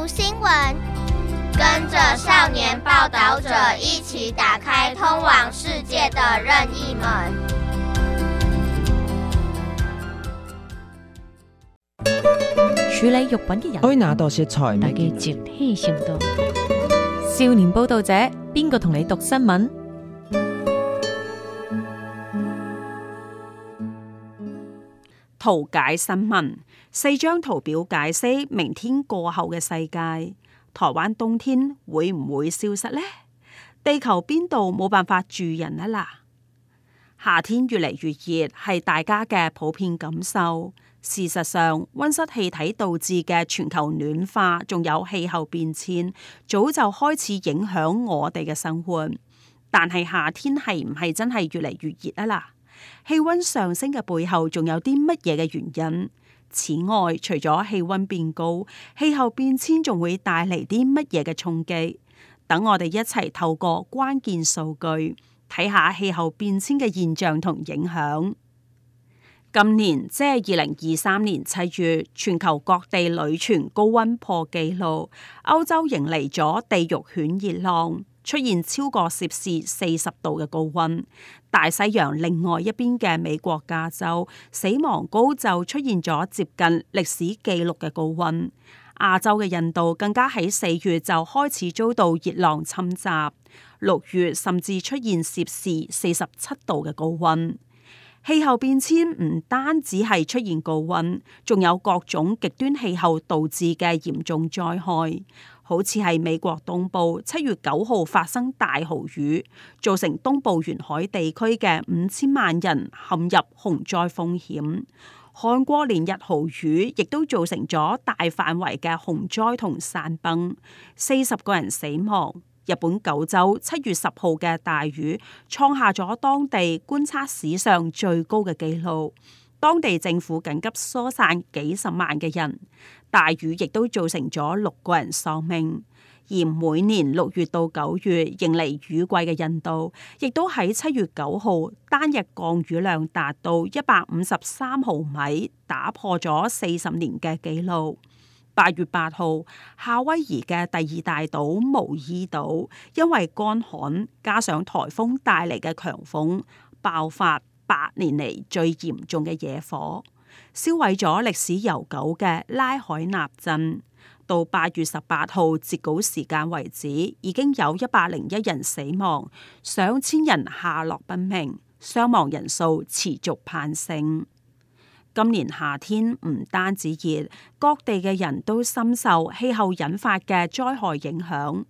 讀新聞，跟着少年報道者一起打開通往世界的任意門。處理肉品嘅人可以拿到些財。嘅集體行動。少年報道者，邊個同你讀新聞？圖解新聞。四張圖表解釋明天過後嘅世界，台灣冬天會唔會消失呢？地球邊度冇辦法住人啊啦？夏天越嚟越熱係大家嘅普遍感受。事實上，温室氣體導致嘅全球暖化仲有氣候變遷早就開始影響我哋嘅生活。但係夏天係唔係真係越嚟越熱啊啦？氣溫上升嘅背後仲有啲乜嘢嘅原因？此外，除咗氣溫變高，氣候變遷仲會帶嚟啲乜嘢嘅衝擊？等我哋一齊透過關鍵數據睇下氣候變遷嘅現象同影響。今年即係二零二三年七月，全球各地屢傳高溫破紀錄，歐洲迎嚟咗地獄犬熱浪。出現超過攝氏四十度嘅高温，大西洋另外一邊嘅美國加州死亡谷就出現咗接近歷史紀錄嘅高温。亞洲嘅印度更加喺四月就開始遭到熱浪侵襲，六月甚至出現攝氏四十七度嘅高温。氣候變遷唔單止係出現高温，仲有各種極端氣候導致嘅嚴重災害。好似係美國東部七月九號發生大豪雨，造成東部沿海地區嘅五千萬人陷入洪災風險。韓國連日豪雨亦都造成咗大範圍嘅洪災同山崩，四十個人死亡。日本九州七月十號嘅大雨創下咗當地觀察史上最高嘅紀錄。當地政府緊急疏散幾十萬嘅人，大雨亦都造成咗六個人喪命。而每年六月到九月迎嚟雨季嘅印度，亦都喺七月九號單日降雨量達到一百五十三毫米，打破咗四十年嘅紀錄。八月八號，夏威夷嘅第二大島毛伊島因為乾旱加上颱風帶嚟嘅強風爆發。八年嚟最嚴重嘅野火，燒毀咗歷史悠久嘅拉海納鎮。到八月十八號截稿時間為止，已經有一百零一人死亡，上千人下落不明，傷亡人數持續攀升。今年夏天唔單止熱，各地嘅人都深受氣候引發嘅災害影響。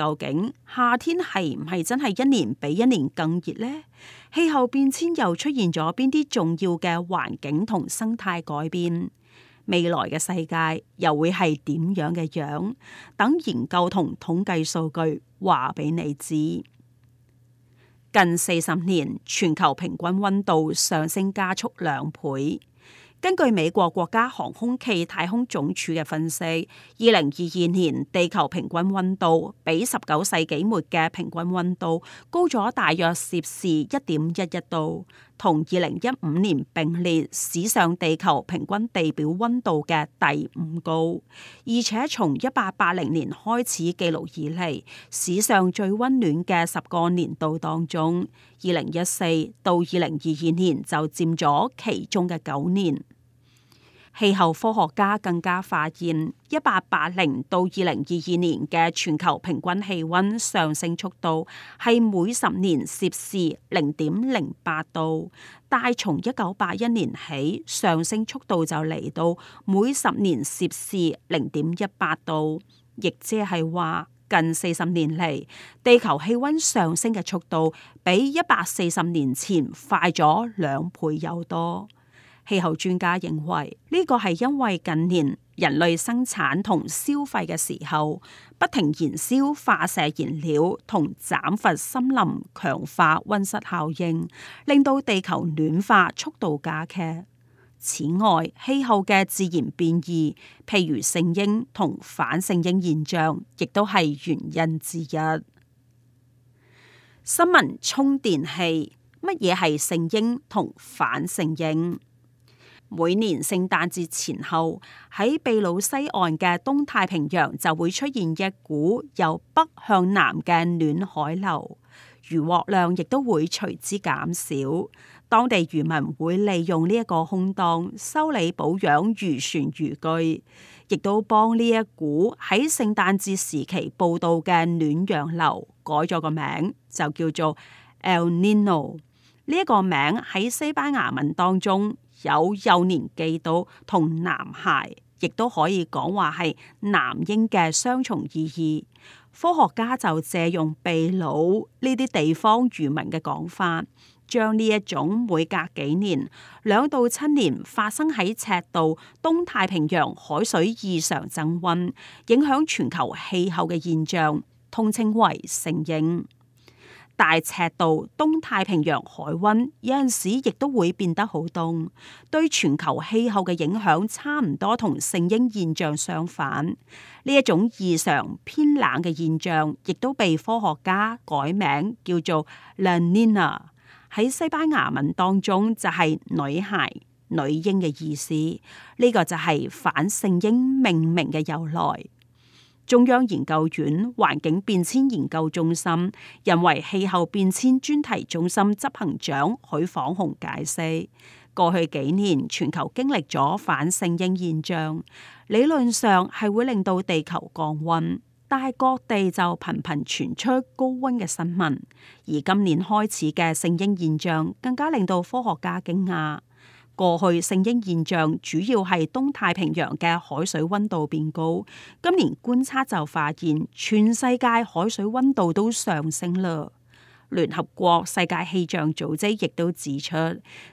究竟夏天係唔係真係一年比一年更熱呢？氣候變遷又出現咗邊啲重要嘅環境同生態改變？未來嘅世界又會係點樣嘅樣？等研究同統計數據話俾你知。近四十年，全球平均溫度上升加速兩倍。根據美國國家航空暨太空總署嘅分析，二零二二年地球平均溫度比十九世紀末嘅平均溫度高咗大約攝氏一點一一度，同二零一五年並列史上地球平均地表溫度嘅第五高。而且從一八八零年開始記錄以嚟，史上最溫暖嘅十個年度當中，二零一四到二零二二年就佔咗其中嘅九年。氣候科學家更加發現，一八八零到二零二二年嘅全球平均氣溫上升速度係每十年攝氏零點零八度，但係從一九八一年起，上升速度就嚟到每十年攝氏零點一八度，亦即係話近四十年嚟，地球氣溫上升嘅速度比一百四十年前快咗兩倍有多。氣候專家認為，呢個係因為近年人類生產同消費嘅時候不停燃燒化石燃料，同斬伐森林，強化溫室效應，令到地球暖化速度加劇。此外，氣候嘅自然變異，譬如聖嬰同反聖嬰現象，亦都係原因之一。新聞充電器，乜嘢係聖嬰同反聖嬰？每年聖誕節前後，喺秘魯西岸嘅東太平洋就會出現一股由北向南嘅暖海流，漁獲量亦都會隨之減少。當地漁民會利用呢一個空檔修理保養漁船漁具，亦都幫呢一股喺聖誕節時期報道嘅暖洋流改咗個名，就叫做 El Niño。呢一個名喺西班牙文當中有幼年寄到同男孩，亦都可以講話係男嬰嘅雙重意義。科學家就借用秘魯呢啲地方漁民嘅講法，將呢一種每隔幾年兩到七年發生喺赤道東太平洋海水異常增溫，影響全球氣候嘅現象，通稱為聖嬰。大尺度東太平洋海温有陣時亦都會變得好凍，對全球氣候嘅影響差唔多同聖嬰現象相反。呢一種異常偏冷嘅現象，亦都被科學家改名叫做 La Niña，喺西班牙文當中就係女孩、女嬰嘅意思。呢、呢個就係反聖嬰命名嘅由來。中央研究院環境變遷研究中心，人為氣候變遷專題中心執行長許訪雄解釋，過去幾年全球經歷咗反聖嬰現象，理論上係會令到地球降温，但係各地就頻頻傳出高温嘅新聞，而今年開始嘅聖嬰現象更加令到科學家驚訝。過去聖嬰現象主要係東太平洋嘅海水温度變高，今年觀測就發現全世界海水温度都上升啦。聯合國世界氣象組織亦都指出，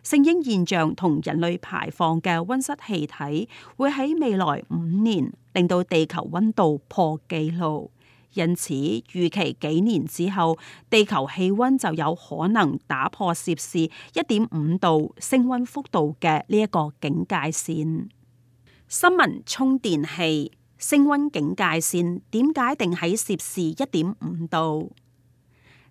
聖嬰現象同人類排放嘅温室氣體會喺未來五年令到地球温度破紀錄。因此，預期幾年之後，地球氣溫就有可能打破攝氏一點五度升溫幅度嘅呢一個警戒線。新聞充電器，升溫警戒線點解定喺攝氏一點五度？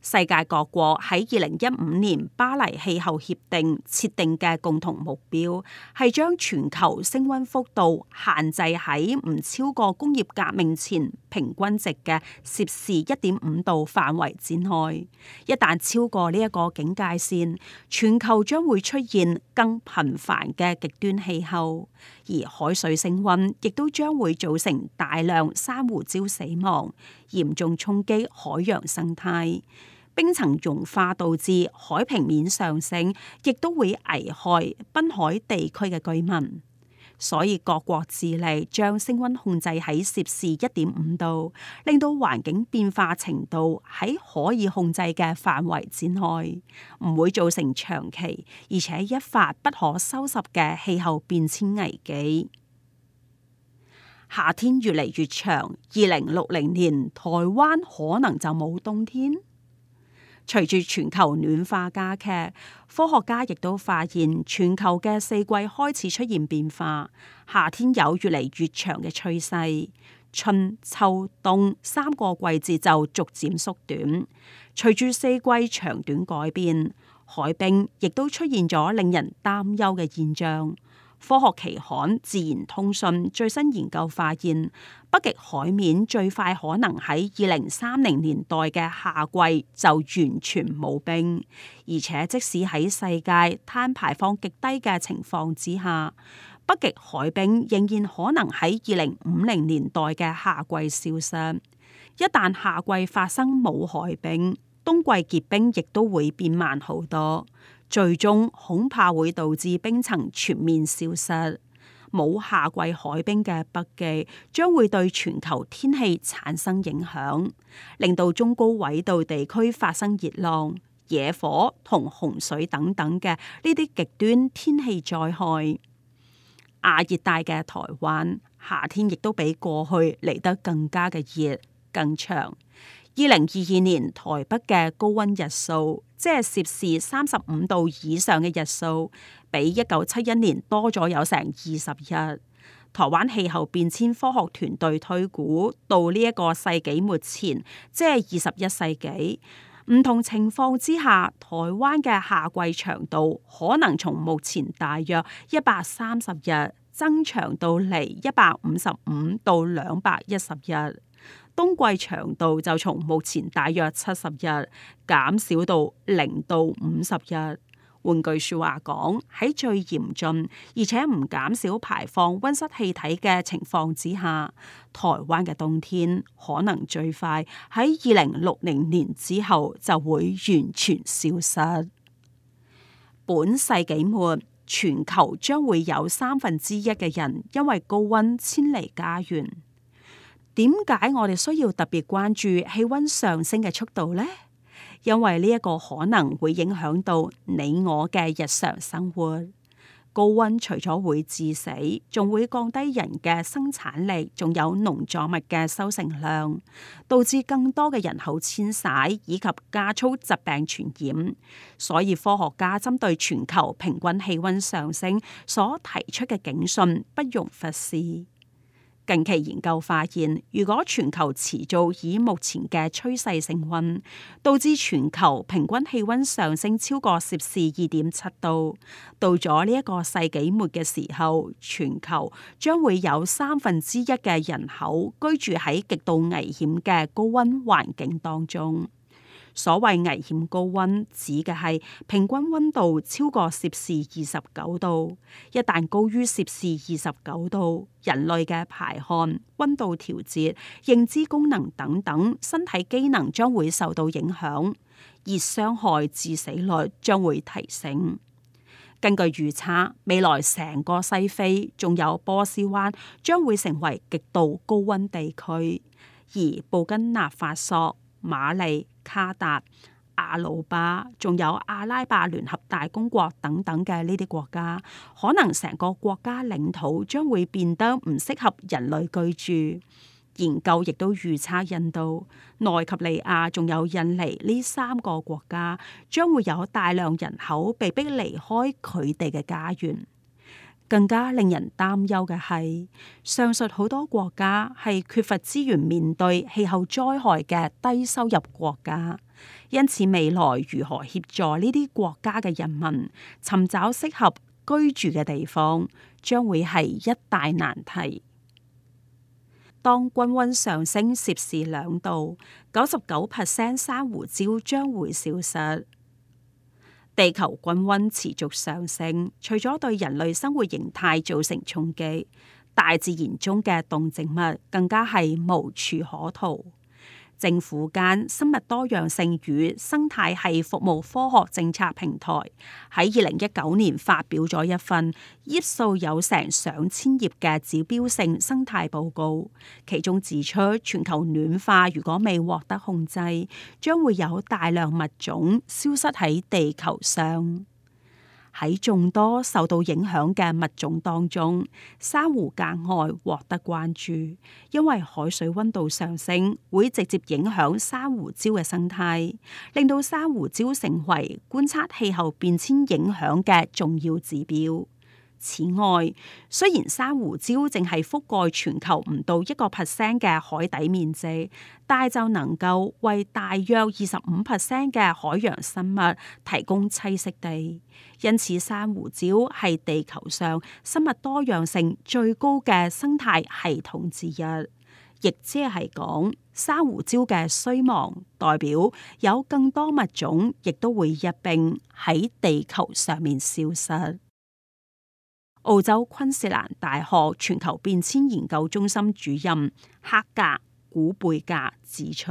世界各國喺二零一五年巴黎氣候協定設定嘅共同目標係將全球升溫幅度限制喺唔超過工業革命前平均值嘅攝氏一點五度範圍展開。一旦超過呢一個警戒線，全球將會出現更頻繁嘅極端氣候，而海水升溫亦都將會造成大量珊瑚礁死亡，嚴重衝擊海洋生態。冰層融化導致海平面上升，亦都會危害濱海地區嘅居民。所以各國致力將升溫控制喺攝氏一點五度，令到環境變化程度喺可以控制嘅範圍之內，唔會造成長期而且一發不可收拾嘅氣候變遷危機。夏天越嚟越長，二零六零年台灣可能就冇冬天。隨住全球暖化加劇，科學家亦都發現全球嘅四季開始出現變化，夏天有越嚟越長嘅趨勢，春、秋、冬三個季節就逐漸縮短。隨住四季長短改變，海冰亦都出現咗令人擔憂嘅現象。科學期刊《自然通訊》最新研究發現，北極海面最快可能喺二零三零年代嘅夏季就完全冇冰，而且即使喺世界碳排放極低嘅情況之下，北極海冰仍然可能喺二零五零年代嘅夏季消失。一旦夏季發生冇海冰，冬季結冰亦都會變慢好多。最終恐怕會導致冰層全面消失，冇夏季海冰嘅北極將會對全球天氣產生影響，令到中高緯度地區發生熱浪、野火同洪水等等嘅呢啲極端天氣災害。亞熱帶嘅台灣夏天亦都比過去嚟得更加嘅熱、更長。二零二二年台北嘅高溫日數，即係攝氏三十五度以上嘅日數，比一九七一年多咗有成二十日。台灣氣候變遷科學團隊推估，到呢一個世紀末前，即係二十一世紀，唔同情況之下，台灣嘅夏季長度可能從目前大約一百三十日，增長到嚟一百五十五到兩百一十日。冬季長度就從目前大約七十日減少到零到五十日。換句說話講，喺最嚴峻而且唔減少排放温室氣體嘅情況之下，台灣嘅冬天可能最快喺二零六零年之後就會完全消失。本世紀末，全球將會有三分之一嘅人因為高温遷離家園。點解我哋需要特別關注氣溫上升嘅速度呢？因為呢一個可能會影響到你我嘅日常生活。高溫除咗會致死，仲會降低人嘅生產力，仲有農作物嘅收成量，導致更多嘅人口遷徙以及加速疾病傳染。所以科學家針對全球平均氣溫上升所提出嘅警訊不容忽視。近期研究發現，如果全球持續以目前嘅趨勢升温，導致全球平均氣温上升超過攝氏二點七度，到咗呢一個世紀末嘅時候，全球將會有三分之一嘅人口居住喺極度危險嘅高温環境當中。所謂危險高温指嘅係平均溫度超過攝氏二十九度。一旦高於攝氏二十九度，人類嘅排汗、溫度調節、認知功能等等身體機能將會受到影響，熱傷害致死率將會提升。根據預測，未來成個西非仲有波斯灣將會成為極度高温地區，而布根納法索、馬利。卡達、阿魯巴、仲有阿拉伯聯合大公國等等嘅呢啲國家，可能成個國家領土將會變得唔適合人類居住。研究亦都預測，印度、奈及利亞仲有印尼呢三個國家，將會有大量人口被逼離開佢哋嘅家園。更加令人擔憂嘅係，上述好多國家係缺乏資源、面對氣候災害嘅低收入國家，因此未來如何協助呢啲國家嘅人民尋找適合居住嘅地方，將會係一大難題。當均溫上升攝氏兩度，九十九 percent 珊瑚礁將會消失。地球均溫持續上升，除咗對人類生活形態造成衝擊，大自然中嘅動植物更加係無處可逃。政府間生物多樣性與生態系服務科學政策平台喺二零一九年發表咗一份頁數有成上千頁嘅指標性生態報告，其中指出全球暖化如果未獲得控制，將會有大量物種消失喺地球上。喺眾多受到影響嘅物種當中，珊瑚格外獲得關注，因為海水温度上升會直接影響珊瑚礁嘅生態，令到珊瑚礁成為觀察氣候變遷影響嘅重要指標。此外，雖然珊瑚礁淨係覆蓋全球唔到一個 percent 嘅海底面積，但係就能夠為大約二十五 percent 嘅海洋生物提供棲息地。因此，珊瑚礁係地球上生物多樣性最高嘅生態系統之一。亦即係講，珊瑚礁嘅衰亡，代表有更多物種亦都會一併喺地球上面消失。澳洲昆士蘭大學全球變遷研究中心主任黑格古貝格指出，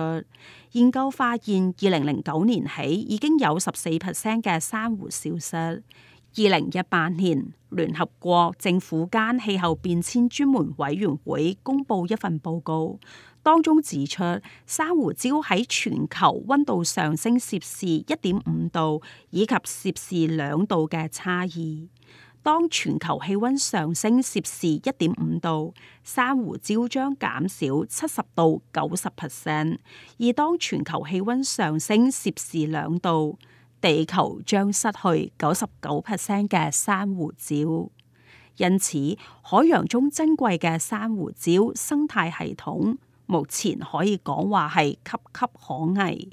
研究發現二零零九年起已經有十四 percent 嘅珊瑚消失。二零一八年，聯合國政府間氣候變遷專門委員會公布一份報告，當中指出珊瑚礁喺全球溫度上升攝氏一點五度以及攝氏兩度嘅差異。當全球氣溫上升攝氏一點五度，珊瑚礁將減少七十到九十 percent；而當全球氣溫上升攝氏兩度，地球將失去九十九 percent 嘅珊瑚礁。因此，海洋中珍貴嘅珊瑚礁生態系統，目前可以講話係岌岌可危。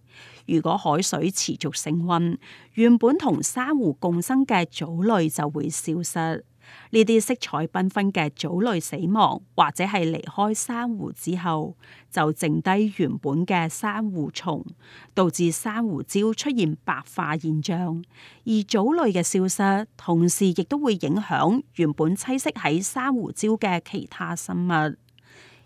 如果海水持續升溫，原本同珊瑚共生嘅藻類就會消失。呢啲色彩繽紛嘅藻類死亡，或者係離開珊瑚之後，就剩低原本嘅珊瑚蟲，導致珊瑚礁出現白化現象。而藻類嘅消失，同時亦都會影響原本棲息喺珊瑚礁嘅其他生物。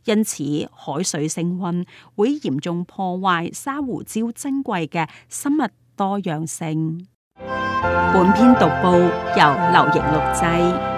因此，海水升溫會嚴重破壞珊瑚礁珍貴嘅生物多樣性。本篇讀報由劉瑩錄製。